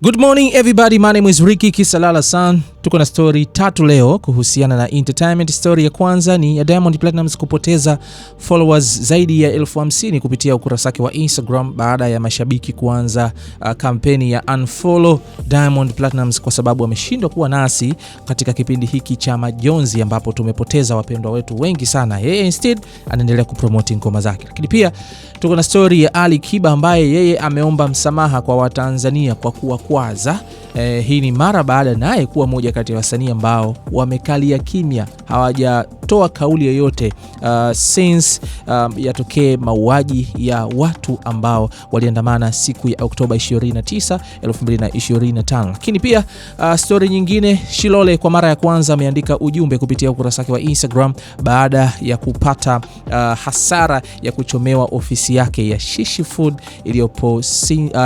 Good morning everybody, my name is Ricky Kisalala-san. Tuko na stori tatu leo kuhusiana na entertainment. Stori ya kwanza ni ya Diamond Platnumz kupoteza followers zaidi ya elfu hamsini kupitia ukurasa wake wa Instagram baada ya mashabiki kuanza uh, kampeni ya unfollow Diamond Platnumz kwa sababu ameshindwa kuwa nasi katika kipindi hiki cha majonzi ambapo tumepoteza wapendwa wetu wengi sana. Yeye instead anaendelea kupromoti ngoma zake, lakini pia tuko na stori ya Ali Kiba ambaye yeye ameomba msamaha kwa Watanzania kwa kuwakwaza Eh, hii ni mara baada naye kuwa moja kati ya wasanii ambao wamekalia kimya, hawaja kutoa kauli yoyote uh, since um, yatokee mauaji ya watu ambao waliandamana siku ya Oktoba 29, 2025. Lakini pia uh, stori nyingine, Shilole kwa mara ya kwanza ameandika ujumbe kupitia ukurasa wake wa Instagram baada ya kupata uh, hasara ya kuchomewa ofisi yake ya Shishi Food iliyopo uh,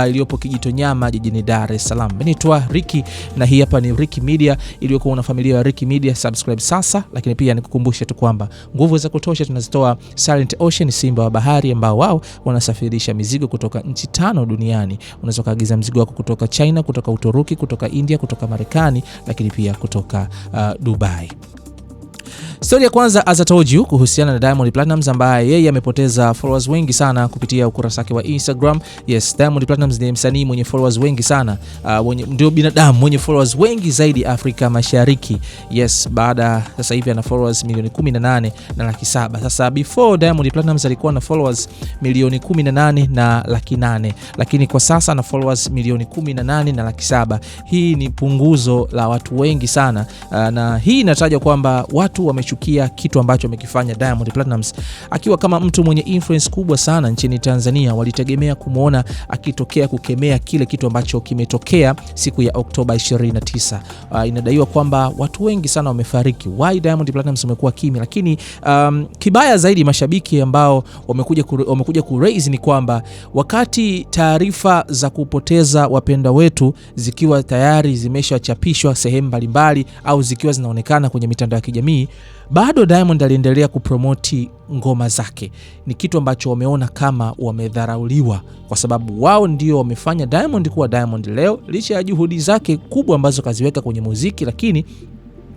iliyopo Kijitonyama jijini Dar es Salaam. Naitwa Ricky na hii hapa ni Ricky Media. Iliyokuwa na familia ya Ricky Media, subscribe sasa, lakini pia nikukumbusha kukumbusha tu kwamba nguvu za kutosha tunazitoa Silent Ocean, simba wa bahari ambao wao wanasafirisha mizigo kutoka nchi tano duniani. Unaweza kuagiza mzigo wako kutoka China, kutoka Uturuki, kutoka India, kutoka Marekani, lakini pia kutoka uh, Dubai. Stori ya kwanza as I told you kuhusiana na Diamond Platnumz ambaye yeye amepoteza followers wengi sana kupitia ukurasa wake wa Instagram. Yes, Diamond Platnumz ni msanii mwenye followers wengi sana uh, ndio binadamu mwenye followers wengi zaidi Afrika Mashariki. Yes, baada sasa hivi ana followers milioni 18 na laki saba. Sasa before Diamond Platnumz alikuwa na followers milioni 18 na laki nane, lakini kwa sasa ana followers milioni 18 na laki saba. Hii ni punguzo la watu wengi sana uh, na hii inataja kwamba watu wame kuchukia kitu ambacho amekifanya Diamond Platnumz. Akiwa kama mtu mwenye influence kubwa sana nchini Tanzania, walitegemea kumwona akitokea kukemea kile kitu ambacho kimetokea siku ya Oktoba 29. Uh, ah, inadaiwa kwamba watu wengi sana wamefariki. Why Diamond Platnumz amekuwa kimya? Lakini um, kibaya zaidi mashabiki ambao wamekuja ku, wamekuja ku raise ni kwamba wakati taarifa za kupoteza wapenda wetu zikiwa tayari zimeshachapishwa sehemu mbalimbali au zikiwa zinaonekana kwenye mitandao ya kijamii bado Diamond aliendelea kupromoti ngoma zake. Ni kitu ambacho wameona kama wamedharauliwa, kwa sababu wao ndio wamefanya Diamond kuwa Diamond leo, licha ya juhudi zake kubwa ambazo kaziweka kwenye muziki, lakini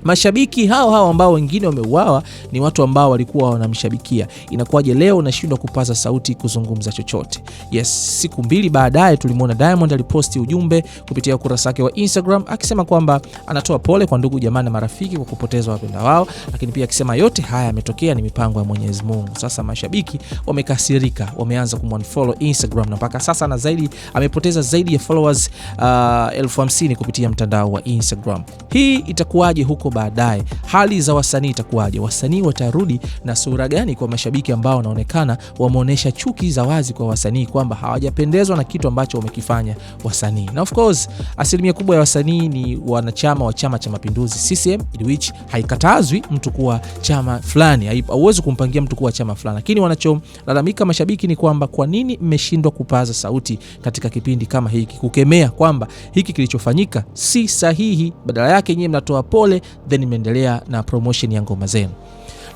Mashabiki hao hao ambao wengine wameuawa ni watu ambao walikuwa wanamshabikia. Inakuwaje leo unashindwa kupaza sauti kuzungumza chochote? Yes, siku mbili baadaye tulimwona Diamond aliposti ujumbe kupitia ukurasa wake wa Instagram akisema kwamba anatoa pole kwa ndugu jamaa na marafiki kwa kupoteza wapenda wao, lakini pia akisema yote haya yametokea ni mipango ya Mwenyezi Mungu. Sasa mashabiki wamekasirika, wameanza kumunfollow Instagram na mpaka sasa na zaidi amepoteza zaidi ya followers uh, elfu hamsini uh, kupitia mtandao wa Instagram. Hii itakuwaje huko baadaye, hali za wasanii itakuwaje? Wasanii watarudi na sura gani kwa mashabiki ambao wanaonekana wameonyesha chuki za wazi kwa wasanii kwamba hawajapendezwa na kitu ambacho wamekifanya wasanii. Na of course, asilimia kubwa ya wasanii ni wanachama wa Chama cha Mapinduzi CCM, which haikatazwi mtu kuwa chama fulani, hauwezi kumpangia mtu kuwa chama fulani, lakini wanacholalamika mashabiki ni kwamba kwa nini mmeshindwa kupaza sauti katika kipindi kama hiki, kukemea kwamba hiki kilichofanyika si sahihi, badala yake nyinyi mnatoa pole then imeendelea na promotion ya ngoma zenu.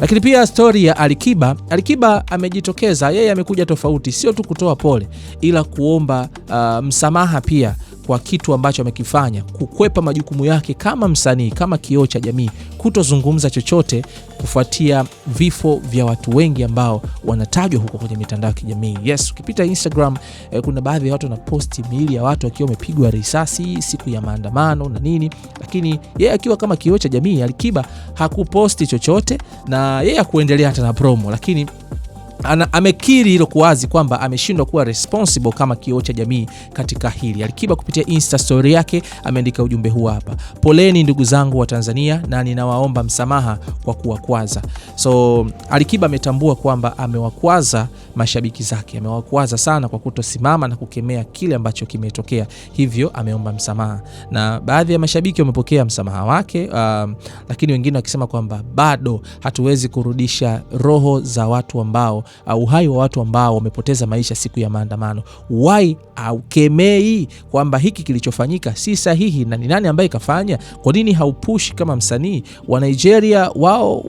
Lakini pia stori ya Alikiba, Alikiba amejitokeza yeye, amekuja tofauti, sio tu kutoa pole, ila kuomba uh, msamaha pia kwa kitu ambacho amekifanya, kukwepa majukumu yake kama msanii, kama kioo cha jamii, kutozungumza chochote kufuatia vifo vya watu wengi ambao wanatajwa huko kwenye mitandao ya kijamii. Yes, ukipita Instagram eh, kuna baadhi ya watu wanaposti miili ya watu wakiwa wamepigwa risasi siku ya maandamano na nini, lakini yeye akiwa kama kioo cha jamii, Alikiba hakuposti chochote na yeye hakuendelea hata na promo, lakini ana, amekiri hilo kuwazi kwamba ameshindwa kuwa responsible kama kioo cha jamii katika hili. Alikiba kupitia Insta story yake ameandika ujumbe huu hapa: poleni ndugu zangu wa Tanzania na ninawaomba msamaha kwa kuwakwaza. So Alikiba ametambua kwamba amewakwaza mashabiki zake. Amewakwaza sana kwa kutosimama na kukemea kile ambacho kimetokea, hivyo ameomba msamaha na baadhi ya mashabiki wamepokea msamaha wake, um, lakini wengine wakisema kwamba bado hatuwezi kurudisha roho za watu ambao uh, uhai wa watu ambao wamepoteza maisha siku ya maandamano. Why haukemei kwamba hiki kilichofanyika si sahihi na ni nani ambaye kafanya? Kwa nini haupushi kama msanii wa Nigeria? Wao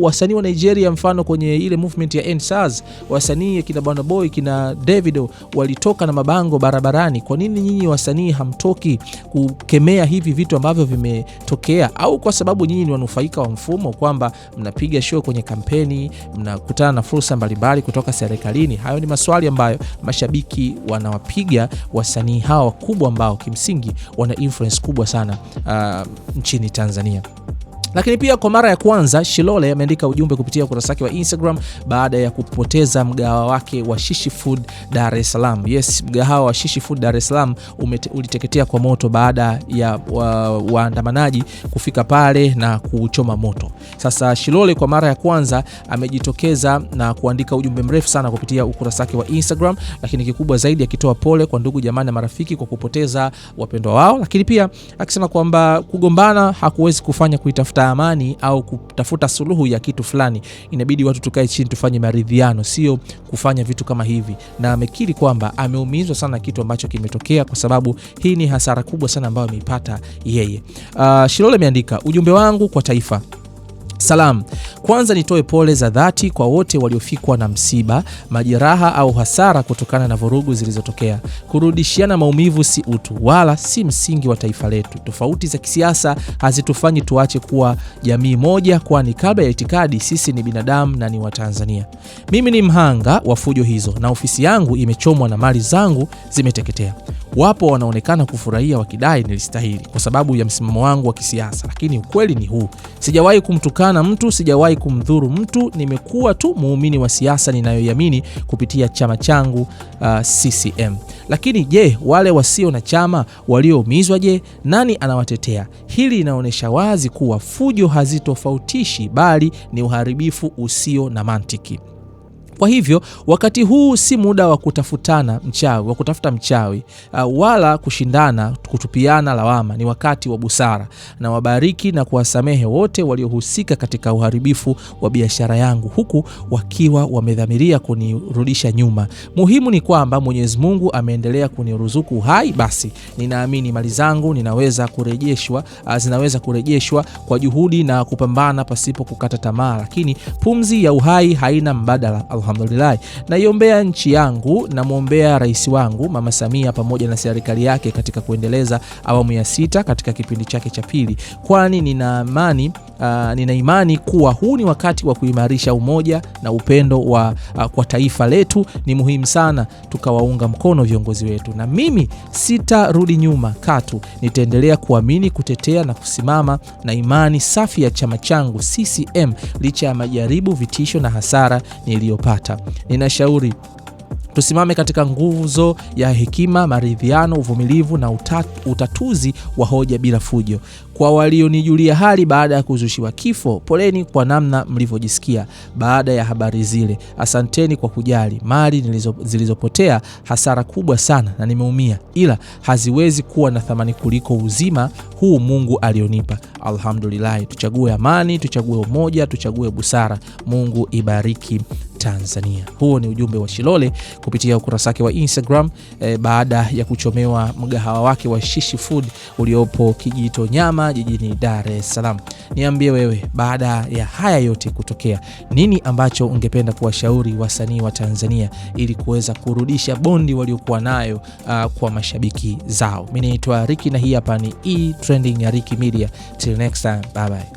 wasanii wa Nigeria mfano kwenye ile movement ya NSAS, wasanii wasanii kina Bwana Boy kina Davido walitoka na mabango barabarani. Kwa nini nyinyi wasanii hamtoki kukemea hivi vitu ambavyo vimetokea? Au kwa sababu nyinyi ni wanufaika wa mfumo kwamba mnapiga show kwenye kampeni, mnakutana na fursa mbalimbali kutoka serikalini? Hayo ni maswali ambayo mashabiki wanawapiga wasanii hawa wakubwa ambao kimsingi wana influence kubwa sana uh, nchini Tanzania. Lakini pia kwa mara ya kwanza Shilole ameandika ujumbe kupitia ukurasa wake wa Instagram baada ya kupoteza mgahawa wake wa Shishi Food Dar es Salaam. Yes, mgahawa wa Shishi Food Dar es Salaam uliteketea kwa moto baada ya waandamanaji wa kufika pale na kuchoma moto. Sasa Shilole kwa mara ya kwanza amejitokeza na kuandika ujumbe mrefu sana kupitia ukurasa wake wa Instagram, lakini kikubwa zaidi akitoa pole kwa ndugu jamani na marafiki kwa kupoteza wapendwa wao, lakini pia akisema kwamba kugombana hakuwezi kufanya kuitafuta amani au kutafuta suluhu ya kitu fulani, inabidi watu tukae chini tufanye maridhiano, sio kufanya vitu kama hivi. Na amekiri kwamba ameumizwa sana kitu ambacho kimetokea, kwa sababu hii ni hasara kubwa sana ambayo ameipata yeye. Uh, Shilole ameandika ujumbe wangu kwa taifa salam Kwanza nitoe pole za dhati kwa wote waliofikwa na msiba, majeraha au hasara kutokana na vurugu zilizotokea. Kurudishiana maumivu si utu wala si msingi wa taifa letu. Tofauti za kisiasa hazitufanyi tuache kuwa jamii moja, kwani kabla ya itikadi sisi ni binadamu na ni Watanzania. Mimi ni mhanga wa fujo hizo na ofisi yangu imechomwa na mali zangu zimeteketea. Wapo wanaonekana kufurahia wakidai nilistahili kwa sababu ya msimamo wangu wa kisiasa, lakini ukweli ni huu: sijawahi kumtukana mtu, sijawahi kumdhuru mtu. Nimekuwa tu muumini wa siasa ninayoiamini kupitia chama changu uh, CCM. Lakini je, wale wasio na chama walioumizwa, je, nani anawatetea? Hili linaonyesha wazi kuwa fujo hazitofautishi, bali ni uharibifu usio na mantiki. Kwa hivyo wakati huu si muda wa kutafutana mchawi wa kutafuta mchawi uh, wala kushindana kutupiana lawama. Ni wakati wa busara, na wabariki na kuwasamehe wote waliohusika katika uharibifu wa biashara yangu, huku wakiwa wamedhamiria kunirudisha nyuma. Muhimu ni kwamba Mwenyezi Mungu ameendelea kuniruzuku uhai, basi ninaamini mali zangu ninaweza kurejeshwa, uh, zinaweza kurejeshwa kwa juhudi na kupambana pasipo kukata tamaa, lakini pumzi ya uhai haina mbadala alhamdulillah. Naiombea nchi yangu, namwombea rais wangu Mama Samia pamoja na serikali yake katika kuendeleza awamu ya sita katika kipindi chake cha pili, kwani nina amani uh, nina imani kuwa huu ni wakati wa kuimarisha umoja na upendo wa, uh, kwa taifa letu. Ni muhimu sana tukawaunga mkono viongozi wetu, na mimi sitarudi nyuma katu, nitaendelea kuamini, kutetea na kusimama na imani safi ya chama changu CCM licha ya majaribu, vitisho na hasara niliyopata. Ninashauri Tusimame katika nguzo ya hekima, maridhiano, uvumilivu na utatu, utatuzi wa hoja bila fujo. Kwa walionijulia hali baada ya kuzushiwa kifo, poleni kwa namna mlivyojisikia baada ya habari zile. Asanteni kwa kujali. Mali zilizopotea hasara kubwa sana, na nimeumia, ila haziwezi kuwa na thamani kuliko uzima huu Mungu alionipa. Alhamdulillah. Tuchague amani, tuchague umoja, tuchague busara. Mungu ibariki Tanzania. Huo ni ujumbe wa Shilole kupitia ukurasa wake wa Instagram e, baada ya kuchomewa mgahawa wake wa Shishi Food uliopo Kijito Nyama jijini Dar es Salaam. Niambie wewe, baada ya haya yote kutokea, nini ambacho ungependa kuwashauri wasanii wa Tanzania ili kuweza kurudisha bondi waliokuwa nayo uh, kwa mashabiki zao? Mi naitwa Riki na hii hapa ni e trending ya Riki Media. Till next time, bye bye.